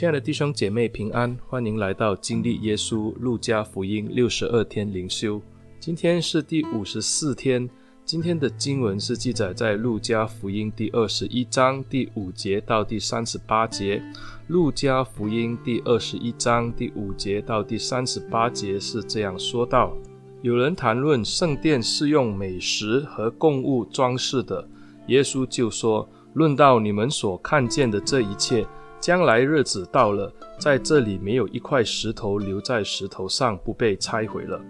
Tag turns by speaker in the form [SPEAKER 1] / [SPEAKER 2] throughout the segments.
[SPEAKER 1] 親愛的弟兄姐妹平安，歡迎來到經歷耶穌路加福音六十二天靈修。今天是第五十四天。今天的經文是記載在路加福音第二十一章第五節到第三十八節。路加福音第二十一章第五節到第三十八節是這樣說道：有人談論聖殿是用美石和供物裝飾的，耶穌就說：“論到你們所看見的這一切。”將來日子到了，在這裡沒有一塊石頭留在石頭上不被拆毀了。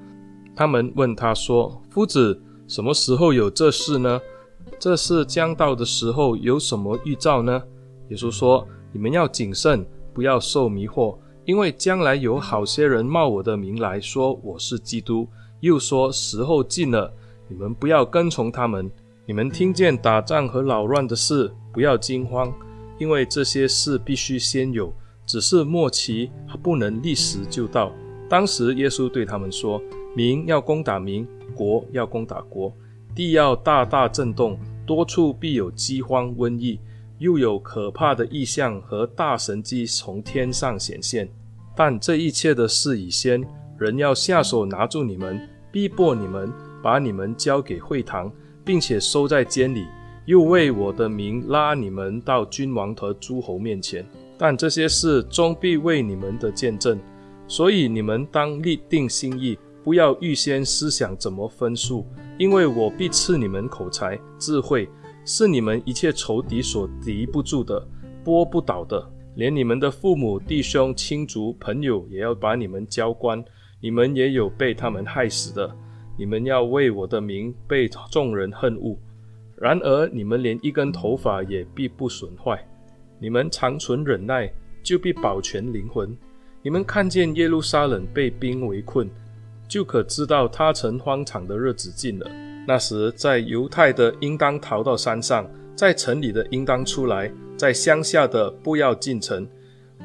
[SPEAKER 1] 他們問他說：“夫子，什麼時候有這事呢？這事將到的時候有什麼預兆呢？”耶穌說：“你們要謹慎，不要受迷惑，因為將來有好些人冒我的名來說我是基督，又說時候近了。你們不要跟從他們。你們聽見打仗和擾亂的事，不要驚慌。”因為這些事必須先有，只是末期還不能立時就到。當時耶穌對他們說：“民要攻打民，國要攻打國，地要大大震動，多處必有饑荒、瘟疫，又有可怕的異象和大神蹟從天上顯現。但這一切的事以先，人要下手拿住你們，逼迫你們，把你們交給會堂，並且收在監裡。”又為我的名拉你們到君王和諸侯面前，但這些事終必為你們的見證，所以你們當立定心意，不要預先思想怎麼分數，因為我必賜你們口才、智慧，是你們一切仇敵所敵不住的、撥不倒的，連你們的父母、弟兄、親族、朋友也要把你們交官，你們也有被他們害死的，你們要為我的名被眾人恨惡。然而你們連一根頭髮也必不損壞，你們長存忍耐，就必保全靈魂。你們看見耶路撒冷被兵圍困，就可知道他成荒場的日子近了。那時，在猶太的應當逃到山上，在城裡的應當出來，在鄉下的不要進城，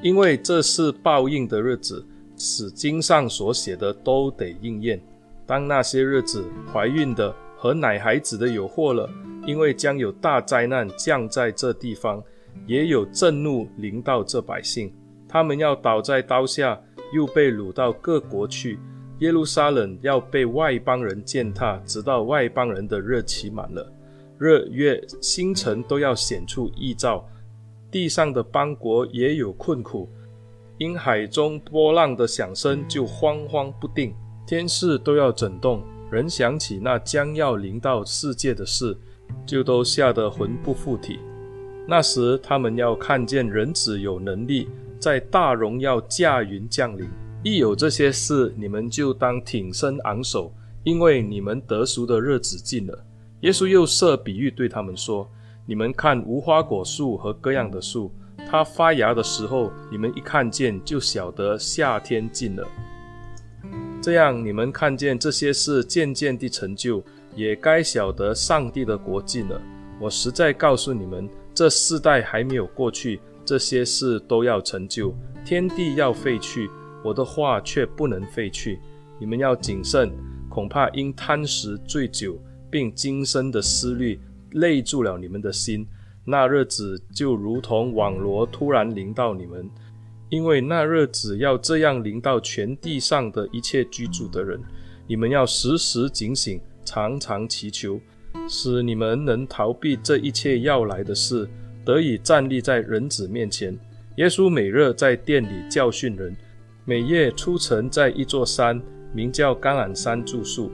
[SPEAKER 1] 因為這是報應的日子，使經上所寫的都得應驗。當那些日子，懷孕的和奶孩子的有禍了。因為將有大災難降在這地方，也有震怒臨到這百姓，他們要倒在刀下，又被擄到各國去。耶路撒冷要被外邦人踐踏，直到外邦人的日期滿了，日月星辰都要顯出異兆，地上的邦國也有困苦，因海中波浪的響聲就慌慌不定，天勢都要震動，人想起那將要臨到世界的事。就都嚇得魂不附體。那時他們要看見人子有能力在大榮耀駕雲降臨。一有這些事，你們就當挺身昂首，因為你們得贖的日子近了。耶穌又設比喻對他們說：“你們看無花果樹和各樣的樹，它發芽的時候，你們一看見就曉得夏天近了。這樣，你們看見這些事漸漸地成就。”也該曉得上帝的國境了。我實在告訴你們，這世代還沒有過去，這些事都要成就，天地要廢去，我的話卻不能廢去。你們要謹慎，恐怕因貪食醉酒，並今生的思慮，累住了你們的心。那日子就如同網羅突然臨到你們，因為那日子要這樣臨到全地上的一切居住的人。你們要時時警醒，常常祈求，使你們能逃避這一切要來的事，得以站立在人子面前。耶穌每日在殿裡教訓人，每夜出城在一座山，名叫橄欖山住宿。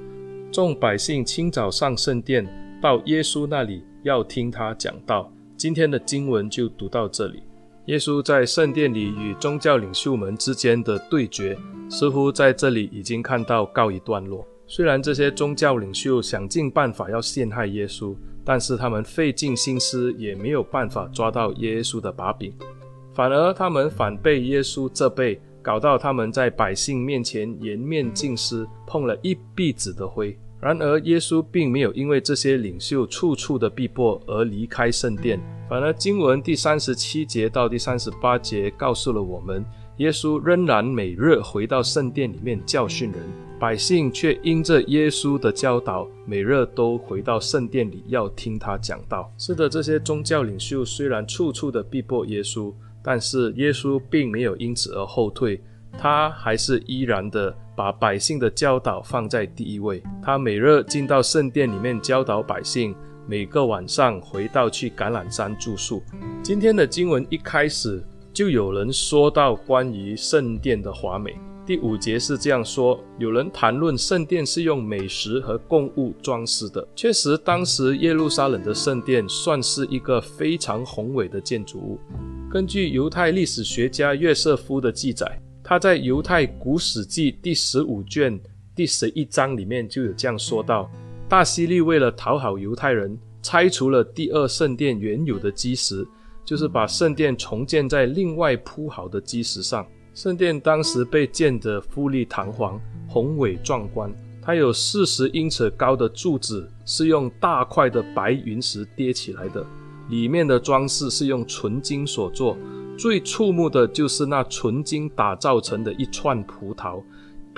[SPEAKER 1] 眾百姓清早上聖殿，到耶穌那裡要聽他講道。今天的經文就讀到這裡。耶穌在聖殿裡與宗教領袖們之間的對決，似乎在這裡已經看到告一段落。雖然這些宗教領袖想盡辦法要陷害耶穌，但是他們費盡心思也沒有辦法抓到耶穌的把柄，反而他們反被耶穌責備，搞到他們在百姓面前顏面盡失，碰了一鼻子的灰。然而，耶穌並沒有因為這些領袖處處的逼迫而離開聖殿，反而經文第三十七節到第三十八節告訴了我們，耶穌仍然每日回到聖殿裡面教訓人。百姓卻因着耶穌的教導，每日都回到聖殿裡要聽他講道。是的，這些宗教領袖雖然處處的逼迫耶穌，但是耶穌並沒有因此而後退，他還是依然的把百姓的教導放在第一位。他每日進到聖殿裡面教導百姓，每個晚上回到去橄欖山住宿。今天的經文一開始，就有人說到關於聖殿的華美。第五節是這樣說：有人談論聖殿是用美石和供物裝飾的。確實，當時耶路撒冷的聖殿算是一個非常宏偉的建築物。根據猶太歷史學家約瑟夫的記載，他在《猶太古史記》第十五卷第十一章裡面就有這樣說道，大希律為了討好猶太人，拆除了第二聖殿原有的基石，就是把聖殿重建在另外鋪好的基石上。聖殿當時被建得富麗堂皇、宏偉壯觀。它有四十英尺高的柱子，是用大塊的白雲石壘起來的。裡面的裝飾是用純金所做，最觸目的就是那純金打造成的一串葡萄，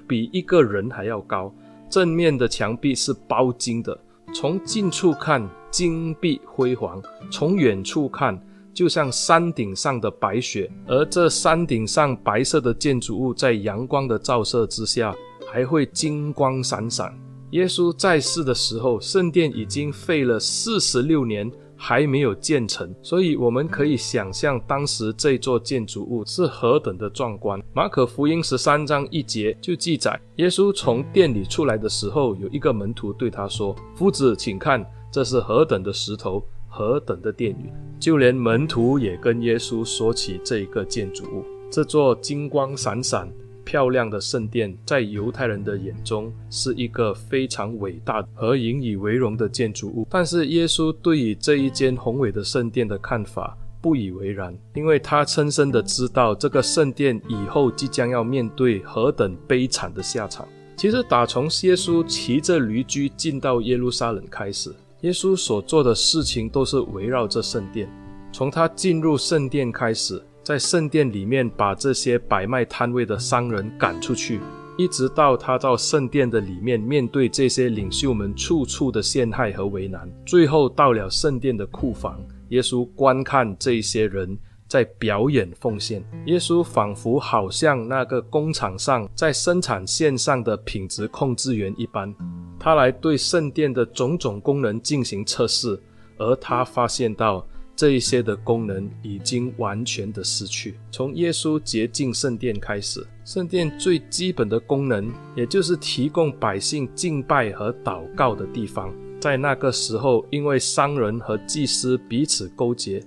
[SPEAKER 1] 比一個人還要高。正面的牆壁是包金的，從近處看金碧輝煌，從遠處看，就像山頂上的白雪，而這山頂上白色的建築物，在陽光的照射之下，還會金光閃閃。耶穌在世的時候，聖殿已經費了四十六年，還沒有建成，所以我們可以想象當時這座建築物是何等的壯觀。馬可福音十三章一節就記載，耶穌從殿裡出來的時候，有一個門徒對他說：“夫子，請看，這是何等的石頭！”何等的殿宇！就連門徒也跟耶穌說起這一個建築物。這座金光閃閃、漂亮的聖殿，在猶太人的眼中是一個非常偉大和引以為榮的建築物。但是，耶穌對於這一間宏偉的聖殿的看法不以為然，因為他深深的知道這個聖殿以後即將要面對何等悲慘的下場。其實，打從耶穌騎着驢駒進到耶路撒冷開始。耶穌所做的事情都是圍繞着聖殿，從他進入聖殿開始，在聖殿裡面把這些擺賣攤位的商人趕出去，一直到他到聖殿的裡面，面對這些領袖們處處的陷害和為難，最後到了聖殿的庫房，耶穌觀看這些人。在表演奉獻，耶穌仿佛好像那個工廠上在生產線上的品質控制員一般，他來對聖殿的種種功能進行測試，而他發現到這一些的功能已經完全的失去。從耶穌潔淨聖殿開始，聖殿最基本的功能，也就是提供百姓敬拜和禱告的地方，在那個時候，因為商人和祭司彼此勾結。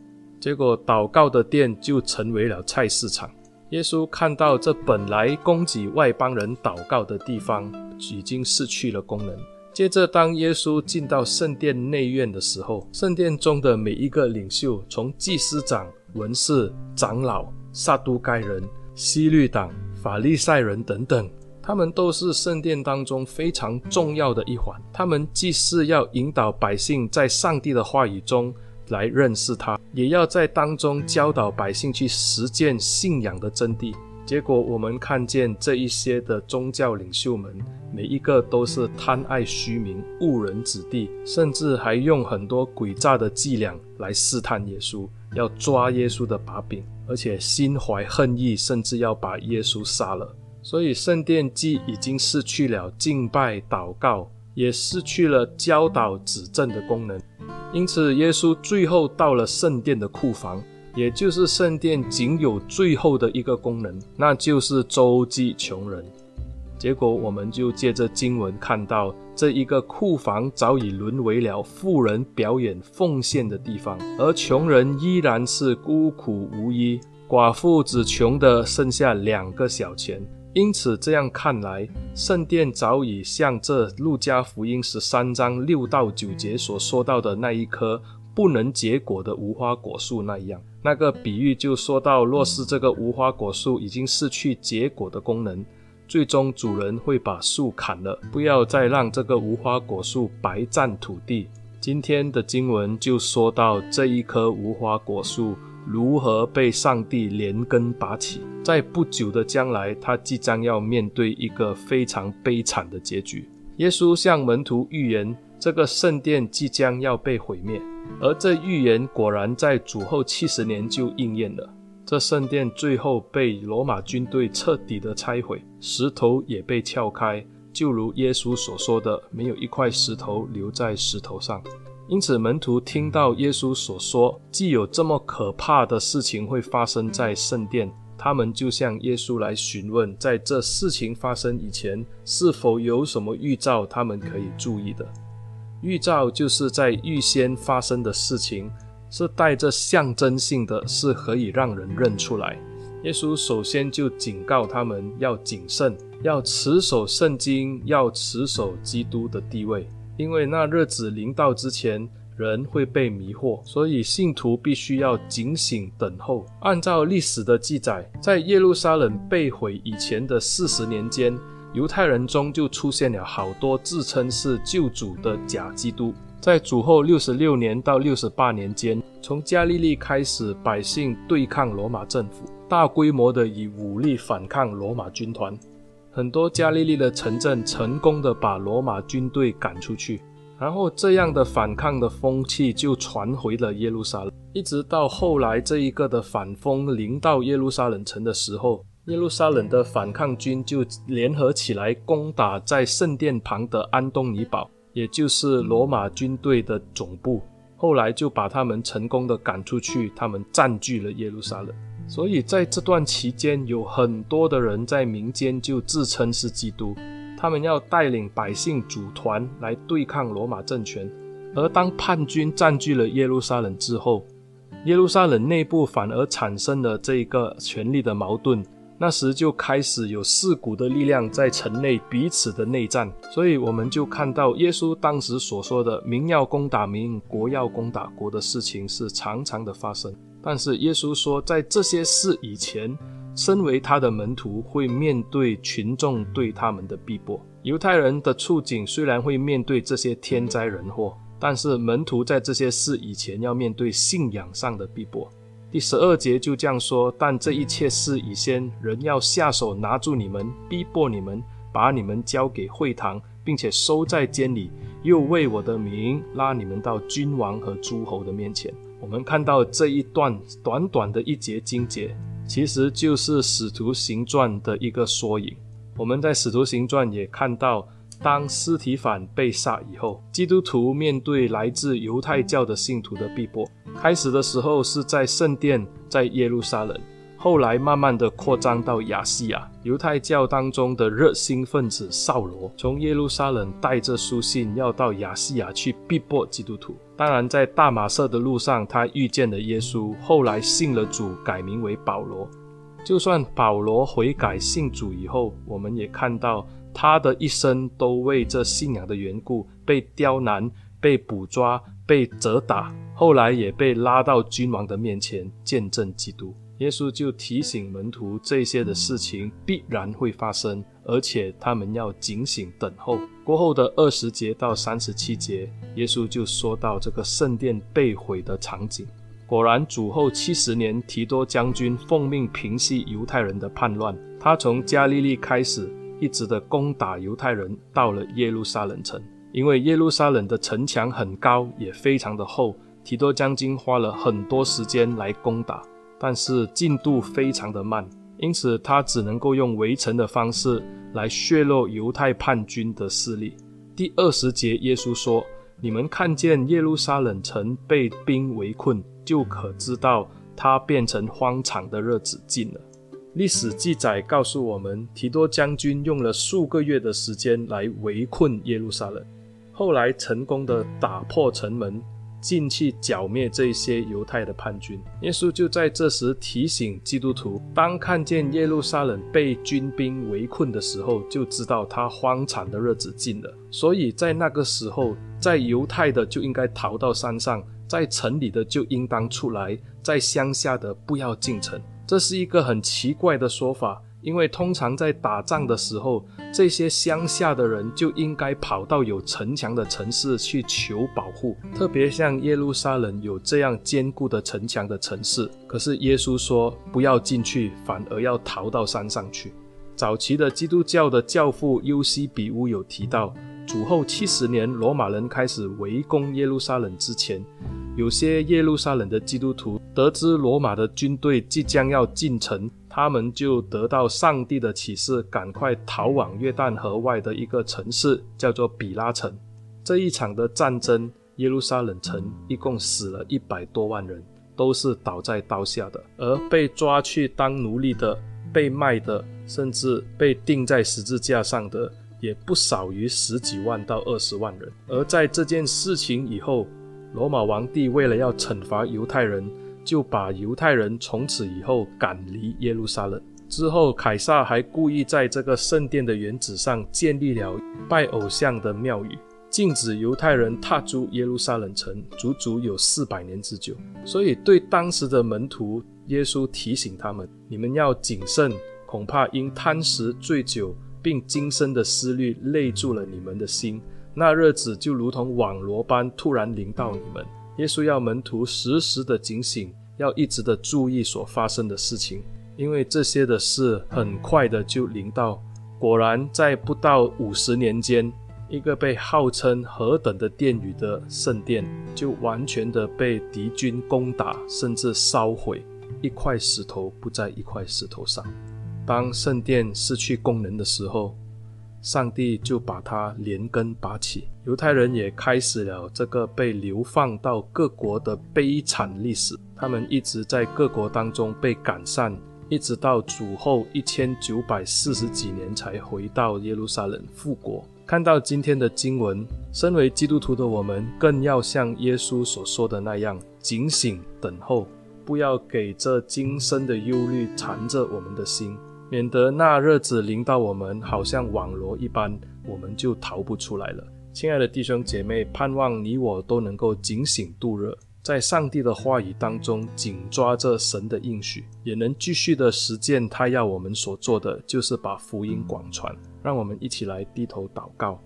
[SPEAKER 1] 結果，禱告的殿就成為了菜市場。耶穌看到這本來供給外邦人禱告的地方，已經失去了功能。接着，當耶穌進到聖殿內院的時候，聖殿中的每一個領袖，從祭司長、文士、長老、撒都該人、希律黨、法利賽人等等，他們都是聖殿當中非常重要的一環。他們既是要引導百姓在上帝的話語中，來認識他，也要在當中教導百姓去實踐信仰的真諦。結果我們看見這一些的宗教領袖們，每一個都是貪愛虛名、誤人子弟，甚至還用很多詭詐的伎倆來試探耶穌，要抓耶穌的把柄，而且心懷恨意，甚至要把耶穌殺了。所以聖殿既已經失去了敬拜、禱告。也失去了教導、指正的功能，因此耶穌最後到了聖殿的庫房，也就是聖殿僅有最後的一個功能，那就是周濟窮人。結果，我們就借着經文看到，這一個庫房早已淪為了富人表演奉獻的地方，而窮人依然是孤苦無依，寡婦只窮得剩下兩個小錢。因此，這樣看來，聖殿早已像這《路加福音》十三章六到九節所說到的那一棵不能結果的無花果樹那樣。那個比喻就說到，若是這個無花果樹已經失去結果的功能，最終主人會把樹砍了，不要再讓這個無花果樹白占土地。今天的經文就說到這一棵無花果樹。如何被上帝連根拔起？在不久的將來，他即將要面對一個非常悲慘的結局。耶穌向門徒預言，這個聖殿即將要被毀滅，而這預言果然在主後七十年就應驗了。這聖殿最後被羅馬軍隊徹底的拆毀，石頭也被撬開，就如耶穌所說的，沒有一塊石頭留在石頭上。因此，門徒聽到耶穌所說，既有這麼可怕的事情會發生在聖殿，他們就向耶穌來詢問，在這事情發生以前，是否有什麼預兆他們可以注意的？預兆就是在預先發生的事情，是帶着象徵性的，是可以讓人認出來。耶穌首先就警告他們要謹慎，要持守聖經，要持守基督的地位。因為那日子臨到之前，人會被迷惑，所以信徒必須要警醒等候。按照歷史的記載，在耶路撒冷被毀以前的四十年間，猶太人中就出現了好多自稱是救主的假基督。在主後六十六年到六十八年間，從加利利開始，百姓對抗羅馬政府，大規模的以武力反抗羅馬軍團。很多加利利的城鎮成功地把羅馬軍隊趕出去，然後這樣的反抗的風氣就傳回了耶路撒冷。一直到後來這一個的反風臨到耶路撒冷城的時候，耶路撒冷的反抗軍就聯合起來攻打在聖殿旁的安東尼堡，也就是羅馬軍隊的總部。後來就把他們成功地趕出去，他們佔據了耶路撒冷。所以，在這段期間，有很多的人在民間就自稱是基督，他們要帶領百姓組團來對抗羅馬政權。而當叛軍占據了耶路撒冷之後，耶路撒冷內部反而產生了這個權力的矛盾。那時就開始有四股的力量在城內彼此的內戰。所以，我們就看到耶穌當時所說的“民要攻打民，國要攻打國”的事情是常常的發生。但是耶穌說，在這些事以前，身為他的門徒會面對群眾對他們的逼迫。猶太人的處境雖然會面對這些天災人禍，但是門徒在這些事以前要面對信仰上的逼迫。第十二節就這樣說：但這一切事以先，人要下手拿住你們，逼迫你們，把你們交給會堂，並且收在監裡，又為我的名拉你們到君王和諸侯的面前。我們看到這一段短短的一節經節，其實就是《使徒行傳》的一個縮影。我們在《使徒行傳》也看到，當司提反被殺以後，基督徒面對來自猶太教的信徒的逼迫，開始的時候是在聖殿，在耶路撒冷。後來慢慢的擴張到亞細亞，猶太教當中的熱心分子掃羅，從耶路撒冷帶着書信要到亞細亞去逼迫基督徒。當然，在大馬色的路上，他遇見了耶穌，後來信了主，改名為保羅。就算保羅悔改信主以後，我們也看到他的一生都為這信仰的緣故被刁難、被捕抓、被責打，後來也被拉到君王的面前見證基督。耶穌就提醒門徒，這些的事情必然會發生，而且他們要警醒等候。過後的二十節到三十七節，耶穌就說到這個聖殿被毀的場景。果然，主後七十年，提多將軍奉命平息猶太人的叛亂。他從加利利開始，一直的攻打猶太人，到了耶路撒冷城。因為耶路撒冷的城牆很高，也非常的厚，提多將軍花了很多時間來攻打。但是進度非常的慢，因此他只能夠用圍城的方式來削弱猶太叛軍的勢力。第二十節，耶穌說：“你們看見耶路撒冷城被兵圍困，就可知道他變成荒場的日子近了。”歷史記載告訴我們，提多將軍用了數個月的時間來圍困耶路撒冷，後來成功的打破城門。進去剿滅這些猶太的叛軍。耶穌就在這時提醒基督徒：當看見耶路撒冷被軍兵圍困的時候，就知道他荒場的日子近了。所以在那個時候，在猶太的就應該逃到山上，在城裡的就應當出來，在鄉下的不要進城。這是一個很奇怪的說法，因為通常在打仗的時候。這些鄉下的人就應該跑到有城牆的城市去求保護，特別像耶路撒冷有這樣堅固的城牆的城市。可是耶穌說不要進去，反而要逃到山上去。早期的基督教的教父尤西比烏有提到，主後七十年羅馬人開始圍攻耶路撒冷之前，有些耶路撒冷的基督徒得知羅馬的軍隊即將要進城。他們就得到上帝的啟示，趕快逃往約旦河外的一個城市，叫做比拉城。這一場的戰爭，耶路撒冷城一共死了一百多萬人，都是倒在刀下的；而被抓去當奴隸的、被賣的，甚至被釘在十字架上的，也不少於十幾萬到二十萬人。而在這件事情以後，羅馬皇帝為了要懲罰猶太人，就把猶太人從此以後趕離耶路撒冷。之後，凱撒還故意在這個聖殿的原址上建立了拜偶像的廟宇，禁止猶太人踏足耶路撒冷城，足足有四百年之久。所以，對當時的門徒，耶穌提醒他們：“你們要謹慎，恐怕因貪食、醉酒，並今生的思慮累住了你們的心，那日子就如同網羅般突然臨到你們。”耶穌要門徒時時的警醒，要一直的注意所發生的事情，因為這些的事很快的就臨到。果然，在不到五十年間，一個被號稱何等的殿宇的聖殿，就完全的被敵軍攻打，甚至燒毀，一塊石頭不在一塊石頭上。當聖殿失去功能的時候，上帝就把它連根拔起，猶太人也開始了這個被流放到各國的悲慘歷史。他們一直在各國當中被趕散，一直到主後一千九百四十幾年才回到耶路撒冷復國。看到今天的經文，身為基督徒的我們，更要像耶穌所說的那樣，警醒等候，不要給這今生的憂慮纏着我們的心。免得那日子臨到我們，好像網羅一般，我們就逃不出來了。親愛的弟兄姐妹，盼望你我都能夠警醒度日，在上帝的話語當中緊抓着神的應許，也能繼續的實踐他要我們所做的，就是把福音廣傳。讓我們一起來低頭禱告。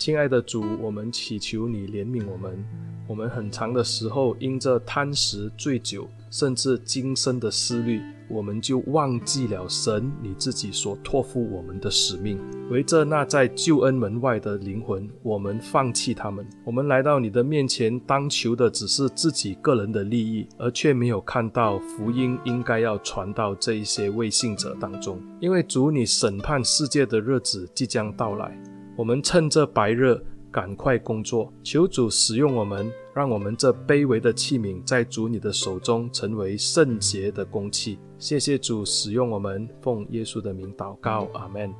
[SPEAKER 1] 親愛的主，我們祈求你憐憫我們。我們很長的時候，因着貪食、醉酒，甚至今生的思慮，我們就忘記了神，你自己所託付我們的使命。為著那在救恩門外的靈魂，我們放棄他們。我們來到你的面前，當求的只是自己個人的利益，而卻沒有看到福音應該要傳到這一些未信者當中。因為主，你審判世界的日子即將到來。我們趁著白熱，趕快工作。求主使用我們，讓我們這卑微的器皿，在主你的手中成為聖潔的工器。謝謝主使用我們，奉耶穌的名禱告，阿門。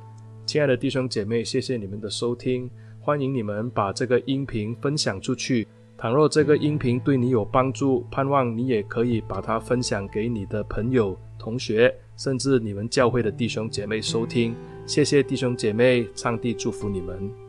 [SPEAKER 1] 親愛的弟兄姐妹，謝謝你們的收聽，歡迎你們把這個音頻分享出去。倘若這個音頻對你有幫助，盼望你也可以把它分享給你的朋友、同學，甚至你們教會的弟兄姐妹收聽。謝謝弟兄姐妹，上帝祝福你們。